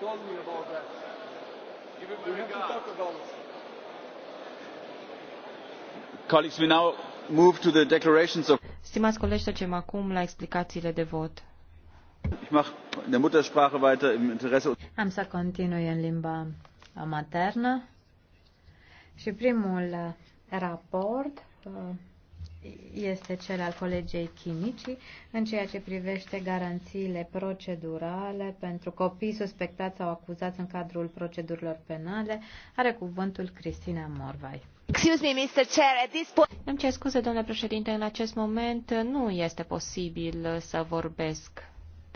told me about that. Da. Give him a we regard. have to talk about it. Colleagues, we now move to the declarations of. Stimați colegi, trecem acum la explicațiile de vot. Ich mach in der Muttersprache weiter im Interesse. Am să continui în limba maternă. Și primul uh, raport uh, este cel al colegei chimicii în ceea ce privește garanțiile procedurale pentru copii suspectați sau acuzați în cadrul procedurilor penale. Are cuvântul Cristina Morvai. Excuse me, Mr. Chair, at this point... Îmi cer scuze, domnule președinte, în acest moment nu este posibil să vorbesc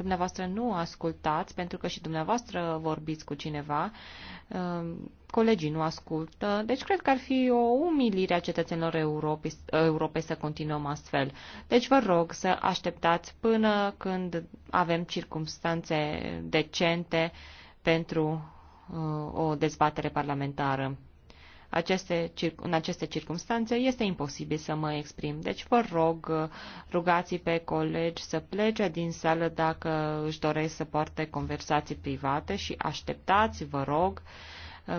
dumneavoastră nu ascultați, pentru că și dumneavoastră vorbiți cu cineva, um, colegii nu ascultă, deci cred că ar fi o umilire a cetățenilor Europei, Europei să continuăm astfel. Deci vă rog să așteptați până când avem circumstanțe decente pentru uh, o dezbatere parlamentară aceste, în aceste circunstanțe este imposibil să mă exprim. Deci vă rog, rugați pe colegi să plece din sală dacă își doresc să poarte conversații private și așteptați, vă rog,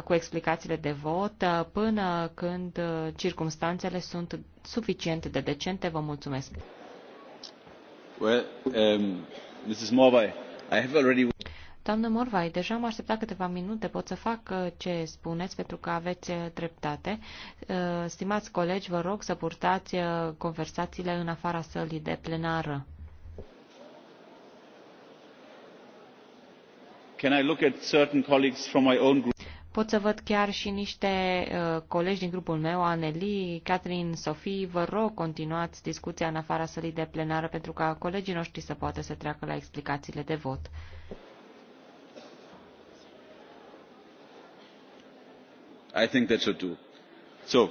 cu explicațiile de vot până când circumstanțele sunt suficient de decente. Vă mulțumesc. Well, um, Mrs. Morvai, I have already Doamnă Morvai, deja am așteptat câteva minute, pot să fac uh, ce spuneți, pentru că aveți uh, dreptate. Uh, stimați colegi, vă rog să purtați conversațiile în afara sălii de plenară. Can I look at certain colleagues from my own group? Pot să văd chiar și niște uh, colegi din grupul meu, Aneli, Catherine, Sofie, vă rog continuați discuția în afara sălii de plenară pentru ca colegii noștri să poată să treacă la explicațiile de vot. i think that should do. so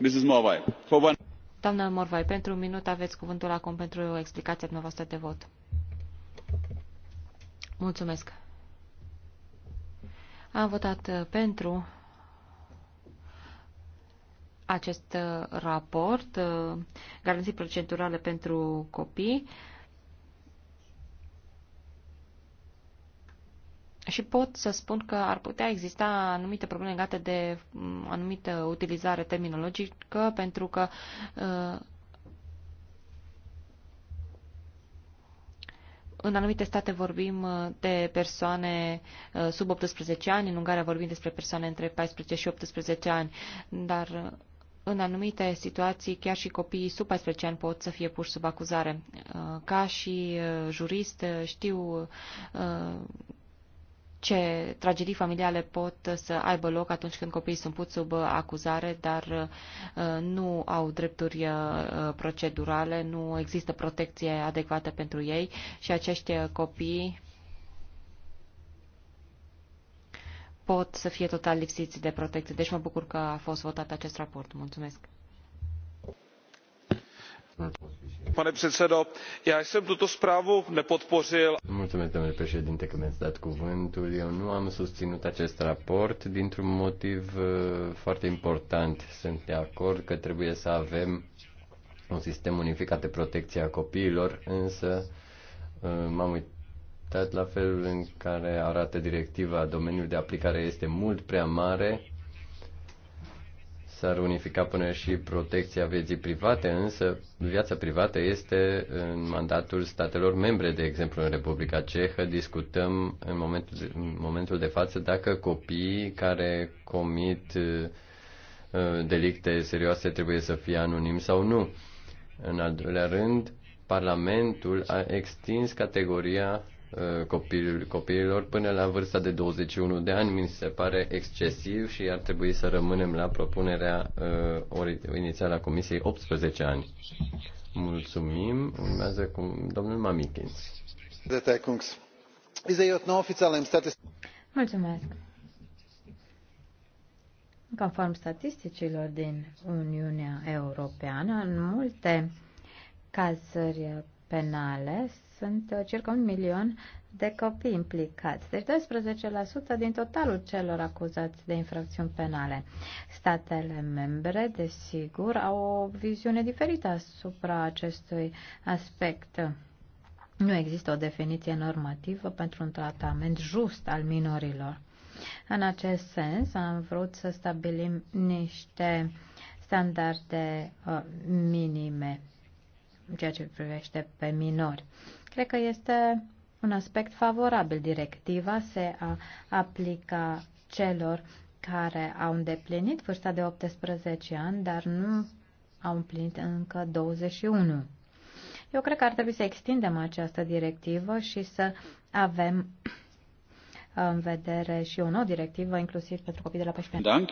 mrs morvai for one. doamnă morvai pentru un minut aveți cuvântul acum pentru o explicație dumneavoastră de vot. Mulțumesc. Am votat uh, pentru acest uh, raport, uh, garanții procedurale pentru copii, Și pot să spun că ar putea exista anumite probleme legate de anumită utilizare terminologică, pentru că uh, în anumite state vorbim uh, de persoane uh, sub 18 ani, în Ungaria vorbim despre persoane între 14 și 18 ani, dar în anumite situații chiar și copiii sub 14 ani pot să fie puși sub acuzare. Ca și jurist știu ce tragedii familiale pot să aibă loc atunci când copiii sunt puți sub acuzare, dar uh, nu au drepturi uh, procedurale, nu există protecție adecvată pentru ei și acești uh, copii pot să fie total lipsiți de protecție. Deci mă bucur că a fost votat acest raport. Mulțumesc pane předsedající já jsem tuto zprávu nepodpořil. domnule președinte, că mi-ați dat cuvântul. Eu nu am susținut acest raport dintr-un motiv uh, foarte important. Sunt de acord că trebuie să avem un sistem unificat de protecție a copiilor, însă uh, m-am uitat la felul în care arată directiva. Domeniul de aplicare este mult prea mare S-ar unifica până și protecția vieții private, însă viața privată este în mandatul statelor membre. De exemplu, în Republica Cehă discutăm în momentul, în momentul de față dacă copiii care comit uh, delicte serioase trebuie să fie anonim sau nu. În al doilea rând, Parlamentul a extins categoria Uh, copiilor până la vârsta de 21 de ani mi se pare excesiv și ar trebui să rămânem la propunerea uh, ori, inițială a Comisiei 18 ani. Mulțumim. Urmează cu domnul Mamikins. Mulțumesc. Conform statisticilor din Uniunea Europeană, în multe cazuri penale sunt uh, circa un milion de copii implicați, deci 12% din totalul celor acuzați de infracțiuni penale. Statele membre, desigur, au o viziune diferită asupra acestui aspect. Nu există o definiție normativă pentru un tratament just al minorilor. În acest sens, am vrut să stabilim niște standarde uh, minime ceea ce privește pe minori. Cred că este un aspect favorabil. Directiva se aplică celor care au îndeplinit vârsta de 18 ani, dar nu au împlinit încă 21. Eu cred că ar trebui să extindem această directivă și să avem în vedere și o nouă directivă, inclusiv pentru copii de la 14 ani.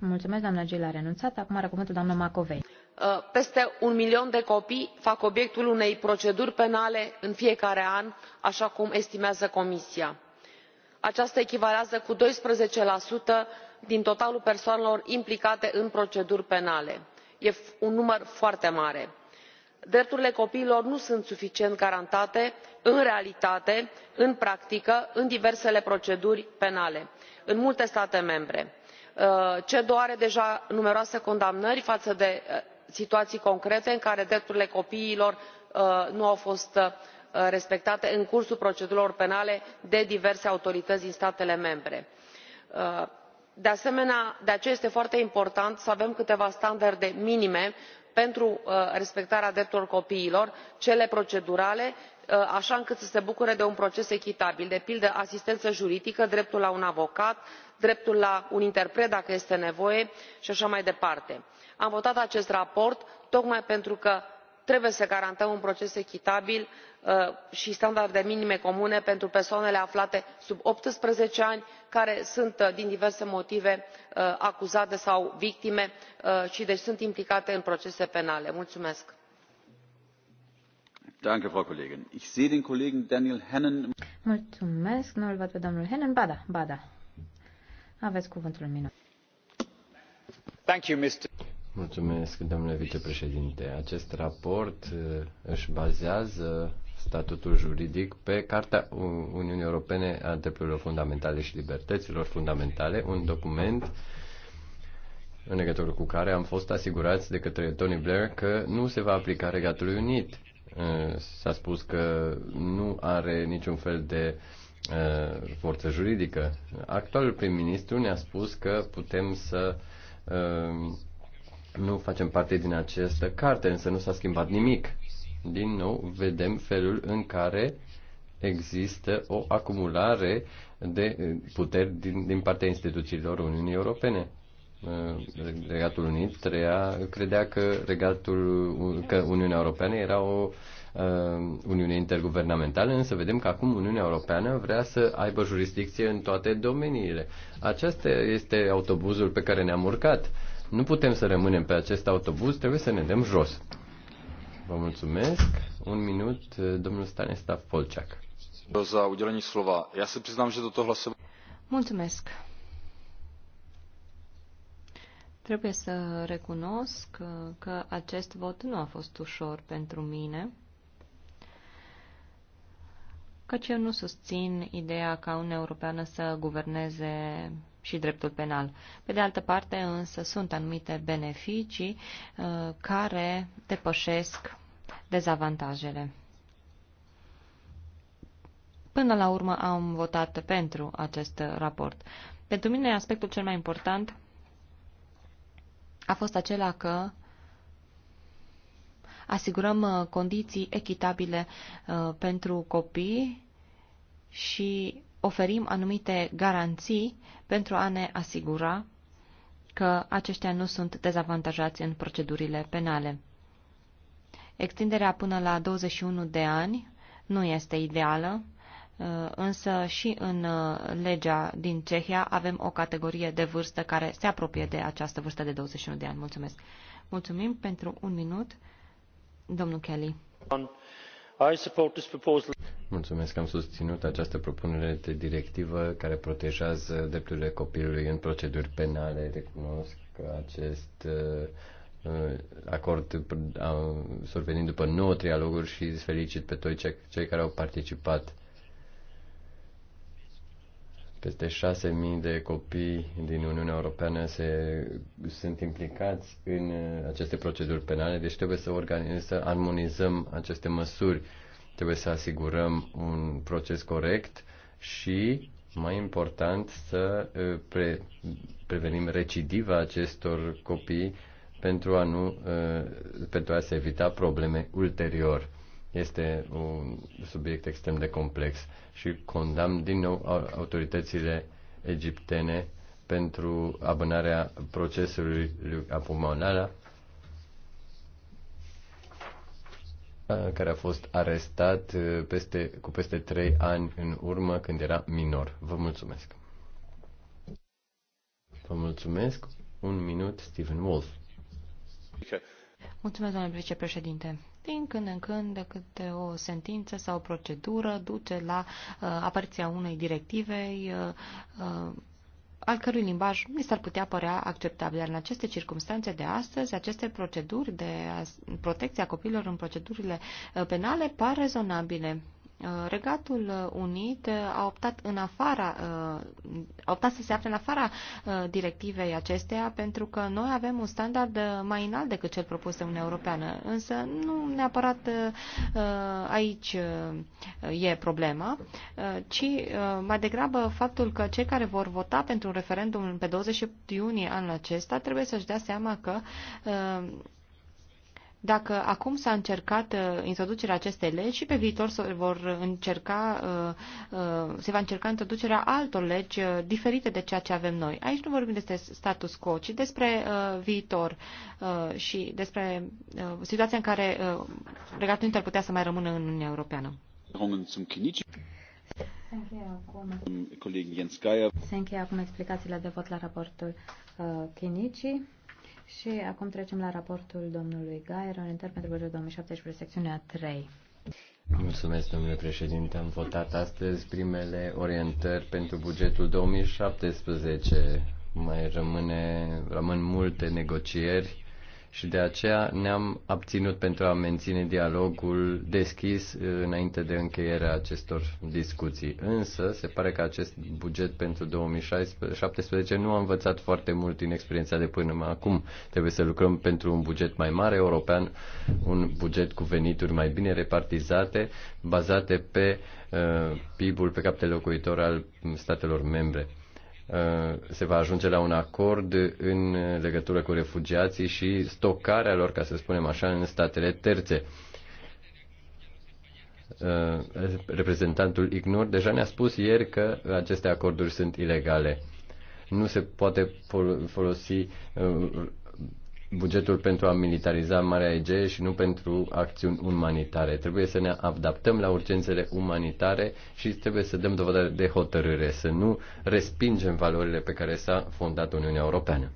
Mulțumesc, doamna Gill a renunțat. Acum are cuvântul doamna Macovei. Uh, peste un milion de copii fac obiectul unei proceduri penale în fiecare an așa cum estimează comisia. aceasta echivalează cu doisprezece din totalul persoanelor implicate în proceduri penale este un număr foarte mare. drepturile copiilor nu sunt suficient garantate în realitate în practică în diversele proceduri penale în multe state membre. Uh, cedo are deja numeroase condamnări față de uh, situații concrete în care drepturile copiilor uh, nu au fost uh, respectate în cursul procedurilor penale de diverse autorități din statele membre. Uh, de aceea este foarte important să avem câteva standarde minime pentru respectarea drepturilor copiilor cele procedurale și Uh, așa încât să se bucure de un proces echitabil de pildă asistență juridică dreptul la un avocat dreptul la un interpret dacă este nevoie și așa mai departe. am votat acest raport tocmai pentru că trebuie să garantăm un proces echitabil uh, și standarde minime comune pentru persoanele aflate sub optsprezece ani care sunt uh, din diverse motive acuzate sau victime și deci sunt implicate în procese penale. mulțumesc. Mulțumesc, nu-l văd pe domnul Hennen. Da, da. Aveți cuvântul în minut. Thank you, Mr. Mulțumesc, domnule vicepreședinte. Acest raport uh, își bazează statutul juridic pe Carta Uniunii Europene a Drepturilor Fundamentale și Libertăților Fundamentale, un document în legătură cu care am fost asigurați de către Tony Blair că nu se va aplica Regatului Unit. Eh, s-a spus că nu are niciun fel de eh, forță juridică. Actualul prim-ministru ne-a spus că putem să eh, nu facem parte din această carte, însă nu s-a schimbat nimic. Din nou, vedem felul în care există o acumulare de puteri din, din partea instituțiilor Uniunii Europene. Regatul Unit trăia, credea că, regatul, că Uniunea Europeană era o uh, Uniune interguvernamentală, însă vedem că acum Uniunea Europeană vrea să aibă jurisdicție în toate domeniile. Acesta este autobuzul pe care ne-am urcat. Nu putem să rămânem pe acest autobuz, trebuie să ne dăm jos. Vă mulțumesc. Un minut, uh, domnul Stanislav Polceac. slova. se Mulțumesc. Trebuie să recunosc uh, că acest vot nu a fost ușor pentru mine, căci eu nu susțin ideea ca Uniunea Europeană să guverneze și dreptul penal. Pe de altă parte, însă, sunt anumite beneficii uh, care depășesc dezavantajele. Până la urmă am votat pentru acest raport. Pentru mine, aspectul cel mai important a fost acela că asigurăm uh, condiții echitabile uh, pentru copii și oferim anumite garanții pentru a ne asigura că aceștia nu sunt dezavantajați în procedurile penale. Extinderea până la 21 de ani nu este ideală, Uh, însă și în uh, legea din Cehia avem o categorie de vârstă care se apropie de această vârstă de 21 de ani. Mulțumesc. Mulțumim pentru un minut, domnul Kelly. Mulțumesc că am susținut această propunere de directivă care protejează drepturile copilului în proceduri penale. Recunosc că acest uh, acord survenit după nouă trialoguri și felicit pe toți cei care au participat peste 6.000 de copii din Uniunea Europeană se, sunt implicați în uh, aceste proceduri penale, deci trebuie să, organizăm, să armonizăm aceste măsuri, trebuie să asigurăm un proces corect și, mai important, să uh, pre, prevenim recidiva acestor copii pentru a, nu, uh, pentru a se evita probleme ulterior. Este un subiect extrem de complex și condamn din nou autoritățile egiptene pentru abânarea procesului lui Abu Maulana, care a fost arestat peste, cu peste trei ani în urmă când era minor. Vă mulțumesc. Vă mulțumesc. Un minut, Stephen Wolf. Mulțumesc, domnule vicepreședinte din când în când de câte o sentință sau o procedură duce la uh, apariția unei directive uh, uh al cărui limbaj ni s-ar putea părea acceptabil. Dar în aceste circunstanțe de astăzi, aceste proceduri de protecție a copiilor în procedurile uh, penale par rezonabile. Uh, Regatul Unit a optat în afara, uh, a optat să se afle în afara uh, directivei acesteia pentru că noi avem un standard mai înalt decât cel propus de Uniunea Europeană. Însă nu neapărat aici e problema, ci mai degrabă faptul că cei care vor vota pentru un referendum pe 28 iunie anul acesta trebuie să-și dea seama că dacă acum s-a încercat uh, introducerea acestei legi și pe viitor se, vor încerca, uh, uh, se va încerca introducerea altor legi diferite de ceea ce avem noi. Aici nu vorbim despre status quo, ci despre viitor și despre situația în care Regatul Unit ar putea să mai rămână în Uniunea Europeană. Se încheie acum explicațiile de vot la raportul uh, Chinicii. Și acum trecem la raportul domnului Gaier, orientări pentru bugetul 2017, secțiunea 3. Mulțumesc, domnule președinte. Am votat astăzi primele orientări pentru bugetul 2017. Mai rămâne, rămân multe negocieri și de aceea ne-am abținut pentru a menține dialogul deschis uh, înainte de încheierea acestor discuții. Însă, se pare că acest buget pentru 2017 nu a învățat foarte mult din experiența de până acum. Trebuie să lucrăm pentru un buget mai mare european, un buget cu venituri mai bine repartizate, bazate pe uh, PIB-ul pe cap de locuitor al statelor membre Uh, se va ajunge la un acord în legătură cu refugiații și stocarea lor, ca să spunem așa, în statele terțe. Uh, reprezentantul Ignor deja ne-a spus ieri că aceste acorduri sunt ilegale. Nu se poate folosi uh, bugetul pentru a militariza Marea Egee și nu pentru acțiuni umanitare. Trebuie să ne adaptăm la urgențele umanitare și trebuie să dăm dovadă de hotărâre, să nu respingem valorile pe care s-a fondat Uniunea Europeană.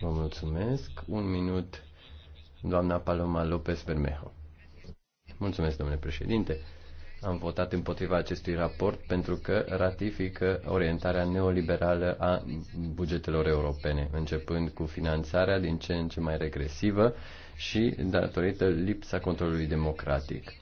Vă mulțumesc. Un minut, doamna Paloma López Bermejo. Mulțumesc, domnule președinte. Am votat împotriva acestui raport pentru că ratifică orientarea neoliberală a bugetelor europene, începând cu finanțarea din ce în ce mai regresivă și datorită lipsa controlului democratic.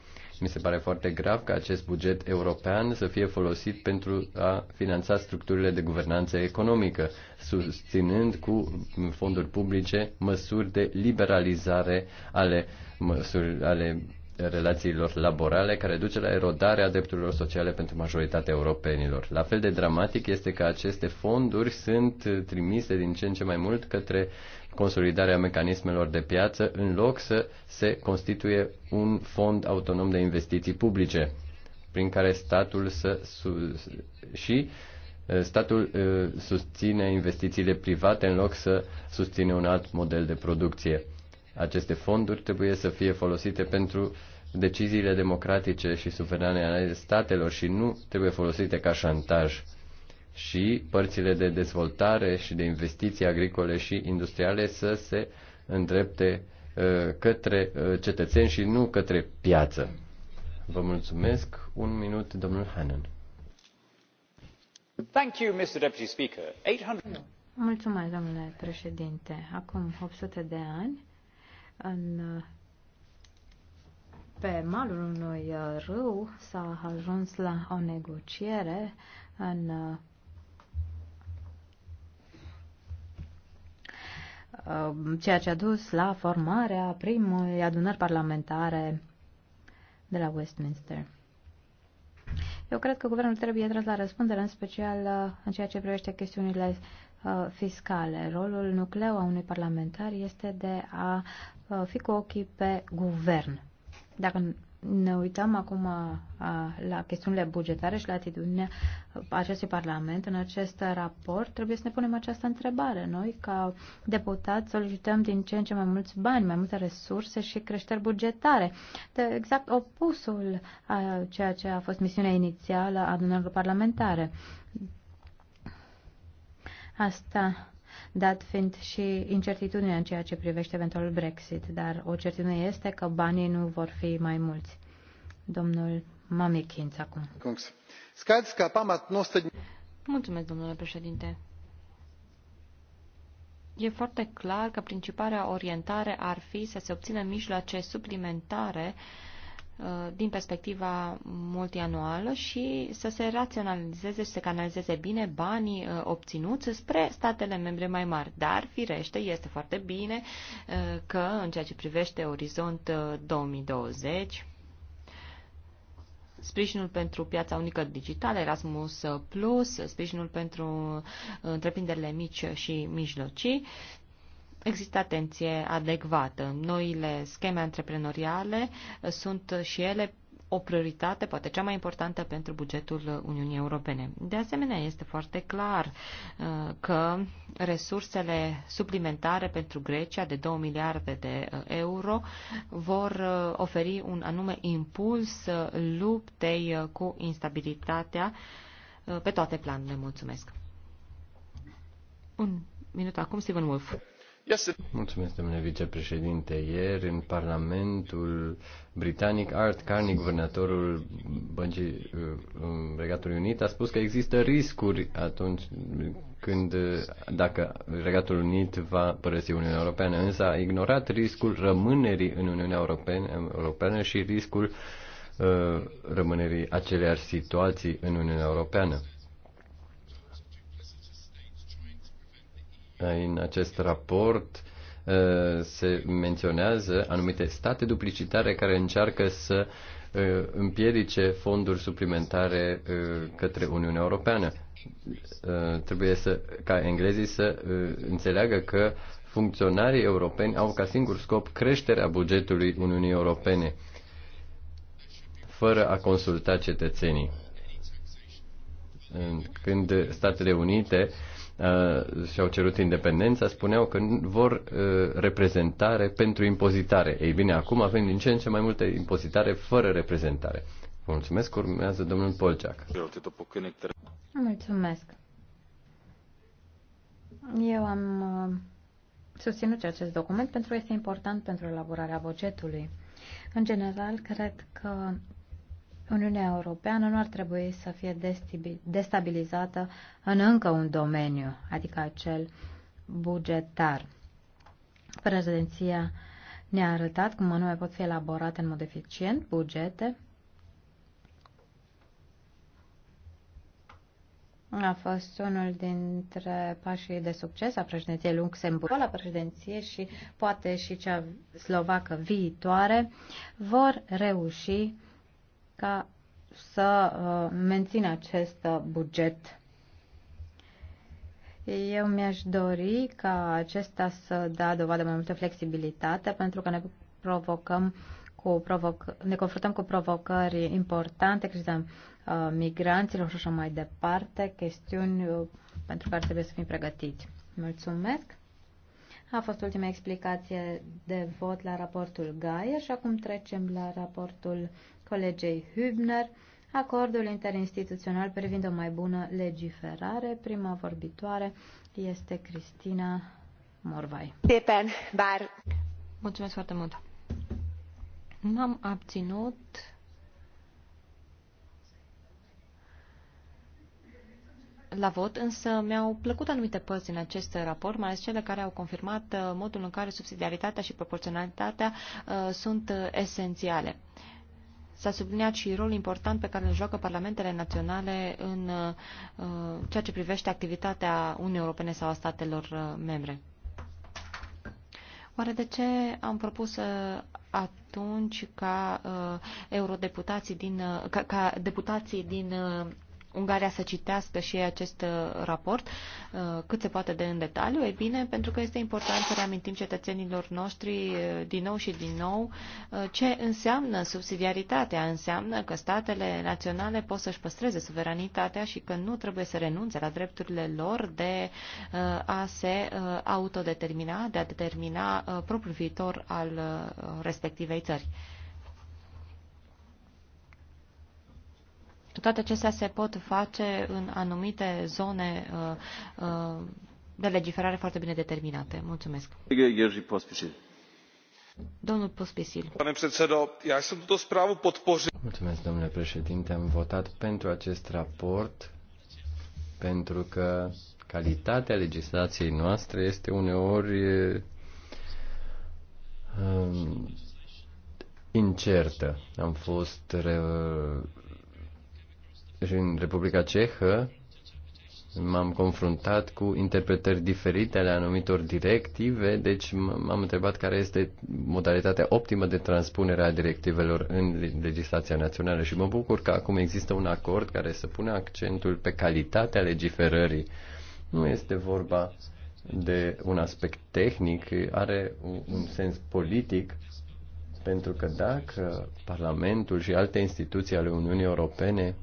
Mi se pare foarte grav ca acest buget european să fie folosit pentru a finanța structurile de guvernanță economică, susținând cu fonduri publice măsuri de liberalizare ale, măsuri, ale relațiilor laborale, care duce la erodarea drepturilor sociale pentru majoritatea europenilor. La fel de dramatic este că aceste fonduri sunt trimise din ce în ce mai mult către consolidarea mecanismelor de piață, în loc să se constituie un fond autonom de investiții publice, prin care statul să și uh, statul uh, susține investițiile private în loc să susține un alt model de producție. Aceste fonduri trebuie să fie folosite pentru deciziile democratice și suverane ale statelor și nu trebuie folosite ca șantaj. Și părțile de dezvoltare și de investiții agricole și industriale să se îndrepte uh, către uh, cetățeni și nu către piață. Vă mulțumesc. Un minut, domnul Hannan. Mulțumesc, domnule președinte. Acum 800 de ani, în pe malul unui uh, râu s-a ajuns la o negociere în uh, ceea ce a dus la formarea primului adunări parlamentare de la Westminster. Eu cred că guvernul trebuie tras la răspundere, în special uh, în ceea ce privește chestiunile fiscale. Rolul nucleu a unui parlamentar este de a fi cu ochii pe guvern. Dacă ne uităm acum la chestiunile bugetare și la atitudinea acestui Parlament în acest raport, trebuie să ne punem această întrebare. Noi, ca deputați, solicităm din ce în ce mai mulți bani, mai multe resurse și creșteri bugetare. De exact opusul a ceea ce a fost misiunea inițială a adunărilor parlamentare. Asta dat fiind și incertitudinea în ceea ce privește eventual Brexit, dar o certitudine este că banii nu vor fi mai mulți. Domnul Mamikins acum. Mulțumesc, domnule președinte. E foarte clar că principala orientare ar fi să se obțină mijloace suplimentare uh, Uh, din perspectiva multianuală și să se raționalizeze și să canalizeze bine banii uh, obținuți spre statele membre mai mari. Dar, firește, este foarte bine uh, că, în ceea ce privește Orizont 2020, sprijinul pentru piața unică digitală, Erasmus Plus, sprijinul pentru întreprinderile mici și mijlocii, există atenție adecvată. Noile scheme antreprenoriale sunt și ele o prioritate, poate cea mai importantă pentru bugetul Uniunii Europene. De asemenea, este foarte clar uh, că resursele suplimentare pentru Grecia de 2 miliarde de uh, euro vor uh, oferi un anume impuls luptei cu instabilitatea pe toate planurile. Mulțumesc. Un minut acum, Steven Wolf. Mulțumesc, domnule vicepreședinte. Ieri, în Parlamentul Britanic, Art Carney, guvernatorul Băncii uh, um, Regatului Unit, a spus că există riscuri atunci când, dacă Regatul Unit va părăsi Uniunea Europeană, însă a ignorat riscul rămânerii în Uniunea Europeană, Europeană și riscul uh, rămânerii aceleași situații în Uniunea Europeană în acest raport uh, se menționează anumite state duplicitare care încearcă să uh, împiedice fonduri suplimentare uh, către Uniunea Europeană. Trebuie să, ca englezii să înțeleagă că funcționarii europeni au ca singur scop creșterea bugetului Uniunii Europene, fără a consulta cetățenii când Statele Unite uh, și-au cerut independența, spuneau că vor uh, reprezentare pentru impozitare. Ei bine, acum avem din ce în ce mai multe impozitare fără reprezentare. Vă mulțumesc, urmează domnul Polceac. Mulțumesc. Eu am uh, susținut acest document pentru că este important pentru elaborarea bugetului. În general, cred că Uniunea Europeană nu ar trebui să fie destabilizată în încă un domeniu, adică acel bugetar. Președinția ne-a arătat cum anume pot fi elaborate în mod eficient bugete. A fost unul dintre pașii de succes a președinției Luxemburg, la președinție și poate și cea slovacă viitoare vor reuși ca să uh, mențină acest uh, buget. Eu mi-aș dori ca acesta să dea dovadă mai multă flexibilitate pentru că ne provocăm cu provoc- ne confruntăm cu provocări importante, criza uh, migranților și așa mai departe, chestiuni uh, pentru care trebuie să fim pregătiți. Mulțumesc! A fost ultima explicație de vot la raportul Gaia, și acum trecem la raportul colegei Hübner, acordul interinstituțional privind o mai bună legiferare. Prima vorbitoare este Cristina Morvai. Tepen, bar. Mulțumesc foarte mult. M-am abținut la vot, însă mi-au plăcut anumite părți în acest raport, mai ales cele care au confirmat uh, modul în care subsidiaritatea și proporționalitatea uh, sunt uh, esențiale. S-a subliniat și rolul important pe care îl joacă parlamentele naționale în uh, ceea ce privește activitatea Uniunii Europene sau a statelor uh, membre. Oare de ce am propus uh, atunci ca uh, eurodeputații din, ca, ca deputații din Ungaria să citească și ei acest uh, raport uh, cât se poate de în detaliu, e bine, pentru că este important să reamintim cetățenilor noștri uh, din nou și din nou ce înseamnă subsidiaritatea. Înseamnă că statele naționale pot să-și păstreze suveranitatea și că nu trebuie să renunțe la drepturile lor de a se autodetermina, de a determina propriul viitor al respectivei țări. toate acestea se pot face în anumite zone uh, uh, de legiferare foarte bine determinate. Mulțumesc. Domnul Pospisil. Mulțumesc, domnule președinte. Am votat pentru acest raport pentru că calitatea legislației noastre este uneori um, incertă. Am fost și în Republica Cehă m-am confruntat cu interpretări diferite ale anumitor directive, deci m-am întrebat care este modalitatea optimă de transpunere a directivelor în legislația națională și mă bucur că acum există un acord care să pună accentul pe calitatea legiferării. Nu este vorba de un aspect tehnic, are un sens politic, pentru că dacă Parlamentul și alte instituții ale Uniunii Europene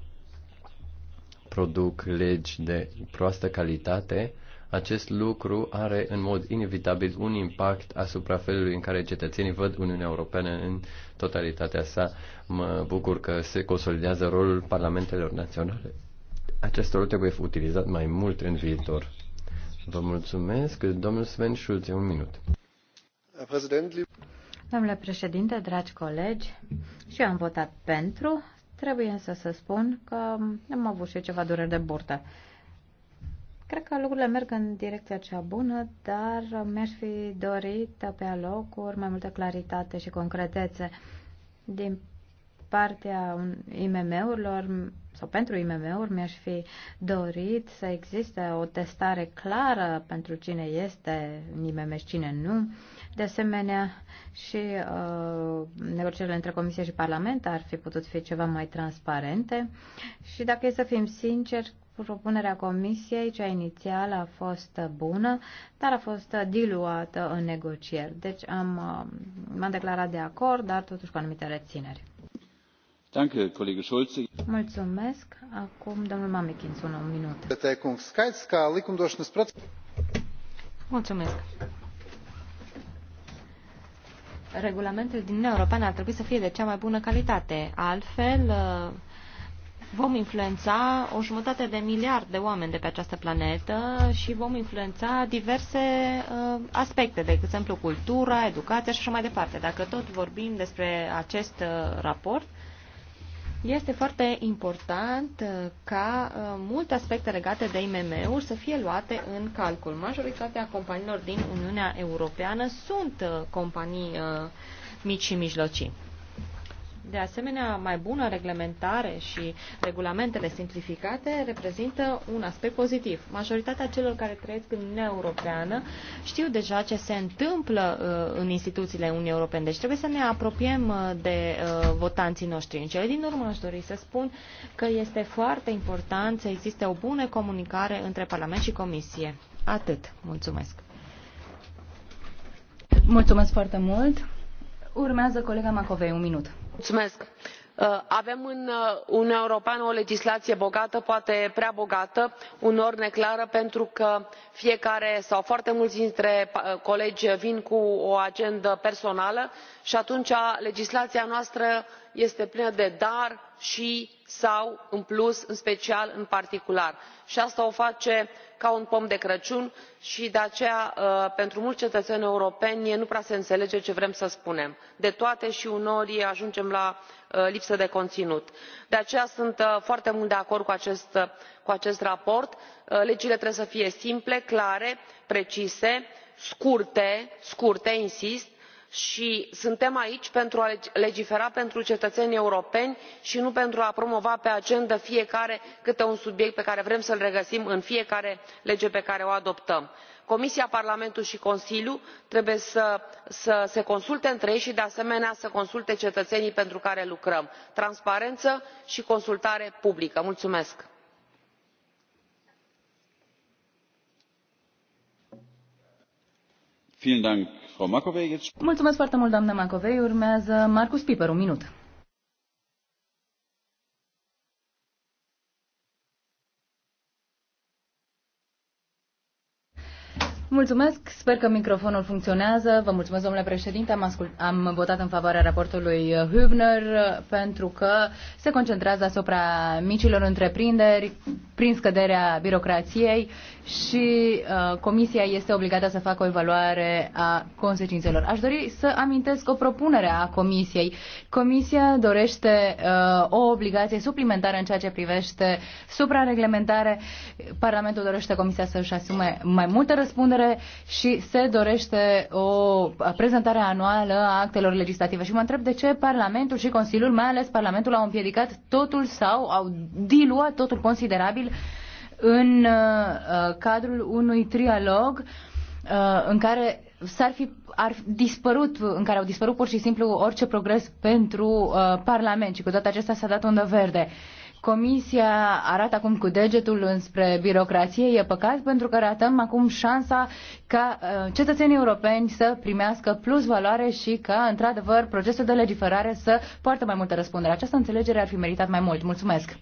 produc legi de proastă calitate, acest lucru are în mod inevitabil un impact asupra felului în care cetățenii văd Uniunea Europeană în totalitatea sa. Mă bucur că se consolidează rolul parlamentelor naționale. Acest rol trebuie utilizat mai mult în viitor. Vă mulțumesc. Domnul Sven Schulze, un minut. Domnule președinte, dragi colegi, și eu am votat pentru Trebuie însă să spun că am avut și eu ceva dureri de burtă. Cred că lucrurile merg în direcția cea bună, dar mi-aș fi dorit pe alocuri mai multă claritate și concretețe din partea IMM-urilor sau pentru IMM-uri mi-aș fi dorit să existe o testare clară pentru cine este în IMM și cine nu. De asemenea, și uh, negocierile între Comisie și Parlament ar fi putut fi ceva mai transparente. Și dacă e să fim sinceri, propunerea Comisiei, cea inițială, a fost bună, dar a fost diluată în negocieri. Deci am, uh, m-am declarat de acord, dar totuși cu anumite rețineri regulamentul Kollege Schulze. Mulțumesc. Regulamentele din Uniunea Europeană ar trebui să fie de cea mai bună calitate. Altfel, uh, vom influența o jumătate de miliard de oameni de pe această planetă și vom influența diverse uh, aspecte, de exemplu cultura, educația și așa mai departe. Dacă tot vorbim despre acest uh, raport, este foarte important uh, ca uh, multe aspecte legate de IMM-uri să fie luate în calcul. Majoritatea companiilor din Uniunea Europeană sunt uh, companii mici și mijlocii. De asemenea, mai bună reglementare și regulamentele simplificate reprezintă un aspect pozitiv. Majoritatea celor care trăiesc în Uniunea Europeană știu deja ce se întâmplă uh, în instituțiile Uniunii Europene, deci trebuie să ne apropiem uh, de uh, votanții noștri. În cele din urmă aș dori să spun că este foarte important să existe o bună comunicare între Parlament și Comisie. Atât. Mulțumesc. Mulțumesc foarte mult. Urmează colega Macovei, un minut domnule președinte uh, avem în uh, uniunea europeană o legislație bogată poate prea bogată uneori neclară pentru că fiecare sau foarte mulți dintre uh, colegi vin cu o agendă personală și atunci legislația noastră este plină de dar și sau în plus în special în particular și asta o face ca un pom de crăciun și de aceea uh, pentru mulți cetățeni europeni nu prea se înțelege ce vrem să spunem de toate și uneori ajungem la uh, lipsă de conținut. de aceea sunt uh, foarte mult de acord cu acest raport legile trebuie să fie simple clare precise scurte scurte insist și suntem aici pentru a legifera pentru cetățenii europeni și nu pentru a promova pe agendă fiecare câte un subiect pe care vrem să l regăsim în fiecare lege pe care o adoptăm. comisia parlamentul și consiliul trebuie să se consulte între ei și de asemenea să consulte cetățenii pentru care lucrăm transparență și consultare publică. mulțumesc. mulțumesc Mulțumesc foarte mult, doamnă Macovei. Urmează Marcus Piper, un minut. Mulțumesc, sper că microfonul funcționează. Vă mulțumesc, domnule președinte. Am, ascult, am votat în favoarea raportului Hübner pentru că se concentrează asupra micilor întreprinderi prin scăderea birocrației și uh, Comisia este obligată să facă o evaluare a consecințelor. Aș dori să amintesc o propunere a Comisiei. Comisia dorește uh, o obligație suplimentară în ceea ce privește suprareglementare. Parlamentul dorește Comisia să-și asume mai multă răspundere și se dorește o prezentare anuală a actelor legislative. Și mă întreb de ce Parlamentul și Consiliul, mai ales Parlamentul, au împiedicat totul sau au diluat totul considerabil în uh, cadrul unui trialog uh, în care s-ar fi ar dispărut, în care au dispărut pur și simplu orice progres pentru uh, Parlament și cu toate acestea s-a dat undă verde. Uh, Comisia arată acum cu degetul înspre birocrație. E păcat pentru că ratăm acum șansa ca uh, cetățenii europeni să primească plus valoare și ca, într-adevăr, procesul de legiferare să poartă mai multă răspundere. Această înțelegere ar fi meritat mai mult. Mulțumesc!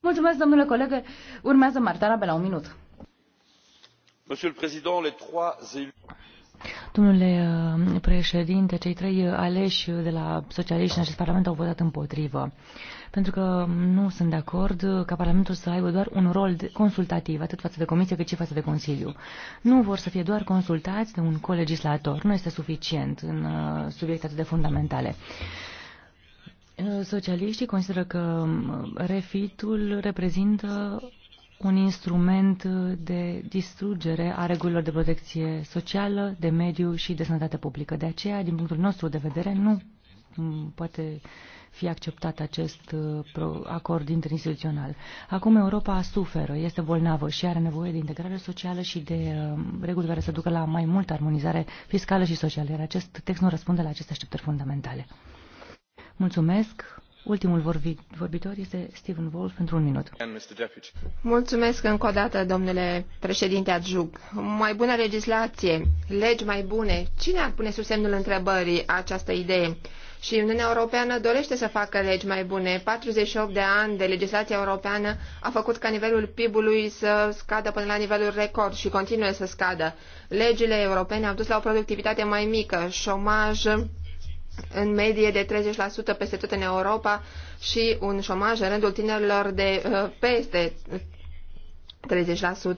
Mulțumesc, domnule colegă. Urmează Martara pe la un minut. Monsieur le Président, les trois élus Domnule uh, președinte, cei trei aleși de la socialiști în acest parlament au votat împotrivă, pentru că nu sunt de acord ca Parlamentul să aibă doar un rol consultativ, atât față de Comisie cât și față de Consiliu. Nu vor să fie doar consultați de un colegislator, nu este suficient în uh, subiecte atât de fundamentale. Uh, socialiștii consideră că refitul reprezintă un instrument de distrugere a regulilor de protecție socială, de mediu și de sănătate publică. De aceea, din punctul nostru de vedere, nu poate fi acceptat acest uh, acord interinstituțional. Acum Europa suferă, este bolnavă și are nevoie de integrare socială și de uh, reguli care să ducă la mai multă armonizare fiscală și socială, iar acest text nu răspunde la aceste așteptări fundamentale. Mulțumesc! Ultimul vorbitor este Stephen Wolf pentru un minut. Mulțumesc încă o dată, domnule președinte Adjug. Mai bună legislație, legi mai bune. Cine ar pune sub semnul întrebării această idee? Și Uniunea Europeană dorește să facă legi mai bune. 48 de ani de legislație europeană a făcut ca nivelul PIB-ului să scadă până la nivelul record și continuă să scadă. Legile europene au dus la o productivitate mai mică, șomaj, în medie de 30% peste tot în Europa și un șomaj în rândul tinerilor de uh, peste 30%. Uh,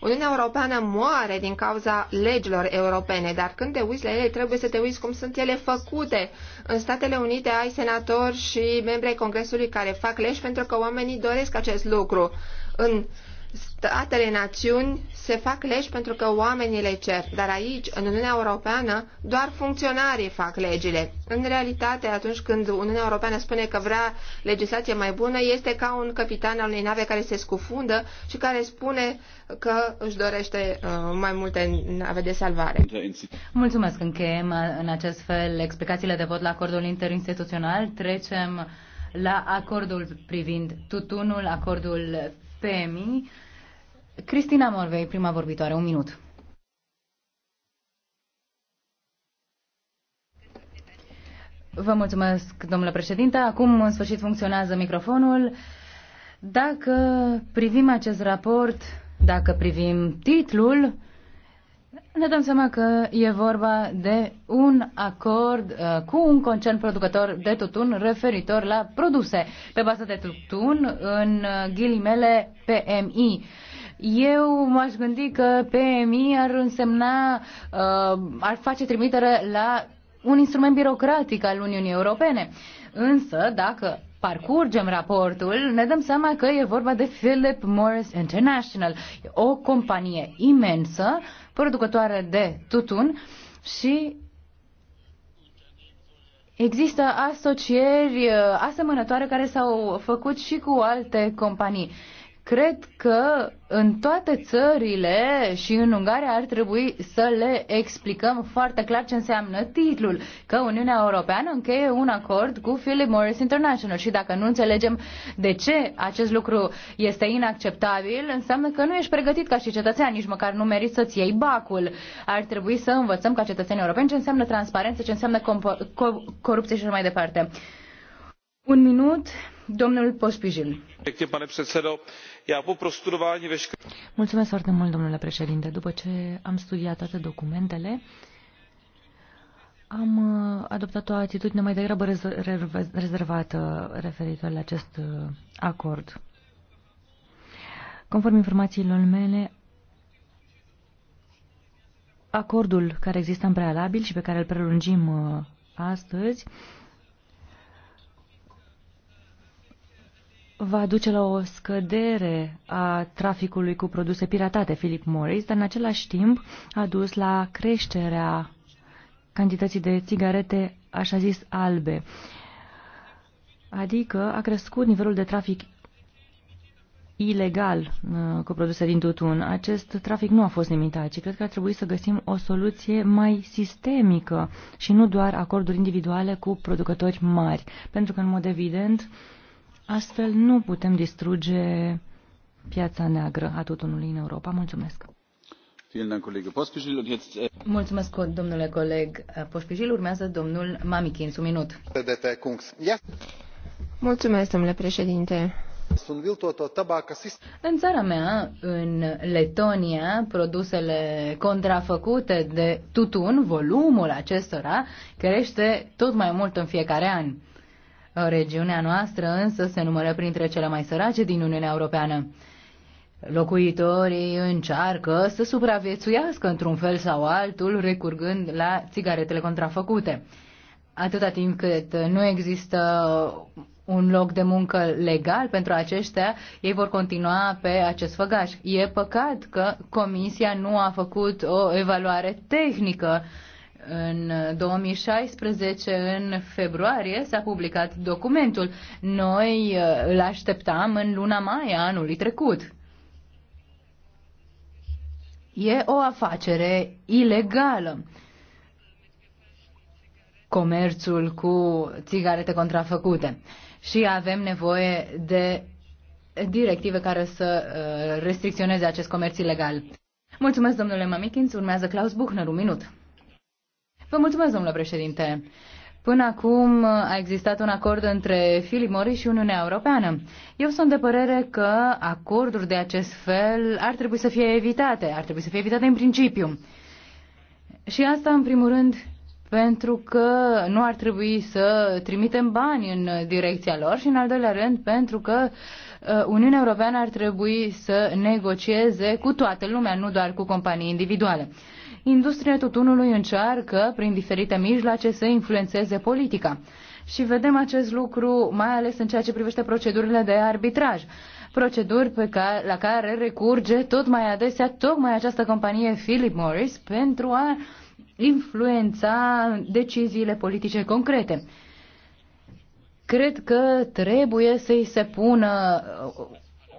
Uniunea Europeană moare din cauza legilor europene, dar când te uiți la ele, trebuie să te uiți cum sunt ele făcute. În Statele Unite ai senatori și membri ai Congresului care fac legi pentru că oamenii doresc acest lucru. În statele națiuni se fac legi pentru că oamenii le cer, dar aici, în Uniunea Europeană, doar funcționarii fac legile. În realitate, atunci când Uniunea Europeană spune că vrea legislație mai bună, este ca un capitan al unei nave care se scufundă și care spune că își dorește uh, mai multe nave de salvare. Mulțumesc, încheiem uh, în acest fel explicațiile de vot la acordul interinstituțional. Trecem la acordul privind tutunul, acordul temi. Cristina Morvei, prima vorbitoare, un minut. Vă mulțumesc, domnule președinte. Acum, în sfârșit, funcționează microfonul. Dacă privim acest raport, dacă privim titlul, ne dăm seama că e vorba de un acord uh, cu un concern producător de tutun referitor la produse pe bază de tutun în uh, ghilimele PMI. Eu m-aș gândi că PMI ar însemna, uh, ar face trimitere la un instrument birocratic al Uniunii Europene. Însă, dacă parcurgem raportul, ne dăm seama că e vorba de Philip Morris International, o companie imensă producătoare de tutun și Există asocieri uh, asemănătoare care s-au făcut și cu alte companii cred că în toate țările și în Ungaria ar trebui să le explicăm foarte clar ce înseamnă titlul, că Uniunea Europeană încheie un acord cu Philip Morris International și dacă nu înțelegem de ce acest lucru este inacceptabil, înseamnă că nu ești pregătit ca și cetățean, nici măcar nu meriți să-ți iei bacul. Ar trebui să învățăm ca cetățeni europeni ce înseamnă transparență, ce înseamnă co- corupție și așa mai departe. Un minut, domnul Pospijil. Pane předsedo, iar po prostudování Mulțumesc foarte mult, domnule președinte. După ce am studiat toate documentele, am uh, adoptat o atitudine mai degrabă rezervată referitor la acest uh, acord. Conform informațiilor mele, acordul care există în prealabil și pe care îl prelungim uh, astăzi va duce la o scădere a traficului cu produse piratate Philip Morris, dar în același timp a dus la creșterea cantității de țigarete așa zis albe. Adică a crescut nivelul de trafic ilegal uh, cu produse din tutun. Acest trafic nu a fost limitat, ci cred că ar trebui să găsim o soluție mai sistemică și nu doar acorduri individuale cu producători mari, pentru că, în mod evident, uh, Astfel nu putem distruge piața neagră a tutunului în Europa. Mulțumesc! Äh, Mulțumesc, domnule coleg Poșpijil. Urmează domnul Mamikins, un minut. Mulțumesc, domnule președinte. În țara mea, în Letonia, produsele contrafăcute de tutun, volumul acestora, crește tot mai mult în fiecare an. Regiunea noastră însă se numără printre cele mai sărace din Uniunea Europeană. Locuitorii încearcă să supraviețuiască într-un fel sau altul, recurgând la țigaretele contrafăcute. Atâta timp cât nu există un loc de muncă legal pentru aceștia, ei vor continua pe acest făgaș. E păcat că Comisia nu a făcut o evaluare tehnică uh, în 2016, în februarie, s-a publicat documentul. Noi uh, îl așteptam în luna mai a anului trecut. E o afacere ilegală. Comerțul cu țigarete contrafăcute. Și avem nevoie de directive care să uh, restricționeze acest comerț ilegal. Mulțumesc, domnule Mamichins. Urmează Klaus Buchner, un minut. Vă mulțumesc, domnule președinte. Până acum a existat un acord între Philip Morris și Uniunea Europeană. Eu sunt de părere că acorduri de acest fel ar trebui să fie evitate, ar trebui să fie evitate în principiu. Și asta, în primul rând, pentru că nu ar trebui să trimitem bani în direcția lor și, în al doilea rând, pentru că uh, Uniunea Europeană ar trebui să negocieze cu toată lumea, nu doar cu companii individuale industria tutunului încearcă, prin diferite mijloace, să influențeze politica. Și vedem acest lucru mai ales în ceea ce privește procedurile de arbitraj proceduri pe care, la care recurge tot mai adesea tocmai această companie Philip Morris pentru a influența deciziile politice concrete. Cred că trebuie să-i se pună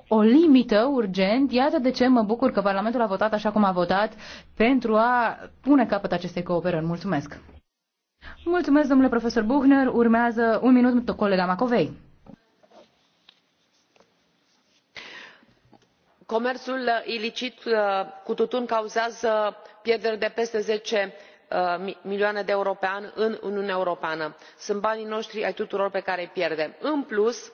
o limită urgent. Iată de ce mă bucur că Parlamentul a votat așa cum a votat pentru a pune capăt acestei cooperări. Mulțumesc! Mulțumesc, domnule profesor Buchner. Urmează un minut colega Macovei. comerțul ilicit uh, cu tutun cauzează pierderi de peste zece uh, milioane de euro pe an în uniunea europeană sunt banii noștri ai tuturor pe care îi pierdem. în plus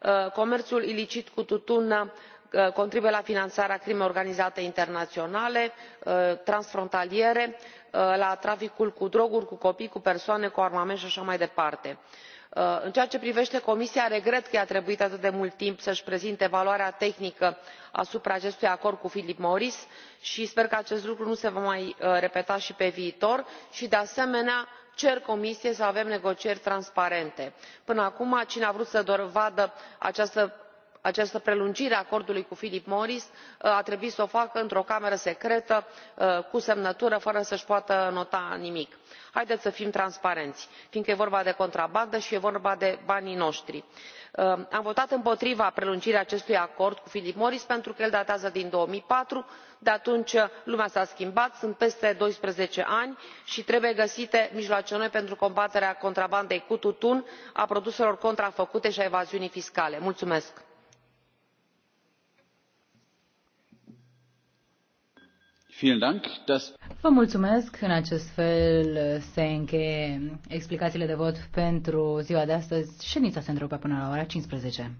Uh, comerțul ilicit cu tutun uh, contribuie la finanțarea crimei organizate internaționale uh, transfrontaliere la traficul cu droguri cu copii cu persoane cu armament și așa mai departe. în ceea ce privește comisia regret că i a trebuit atât de mult timp să își prezinte evaluarea tehnică asupra acestui acord cu philip morris și sper că acest lucru nu se va mai repeta și pe viitor și de asemenea cer comisiei să avem negocieri transparente. până acum cine a vrut să vadă această această prelungire a acordului cu philip morris uh, a trebuit să o facă într o cameră secretă uh, cu semnătură fără să își poată nota nimic. haideți să fim transparenți fiindcă e vorba de contrabandă și e vorba de banii noștri. Uh, am votat împotriva prelungirii acestui acord cu philip morris pentru că el datează din două mii patru de atunci lumea s a schimbat sunt peste doisprezece ani și trebuie găsite mijloace noi pentru combaterea contrabandei cu tutun a produselor contrafăcute și a evaziunii fiscale. mulțumesc. Vă mulțumesc. În acest fel se încheie explicațiile de vot pentru ziua de astăzi. Ședința se întrerupe până la ora 15.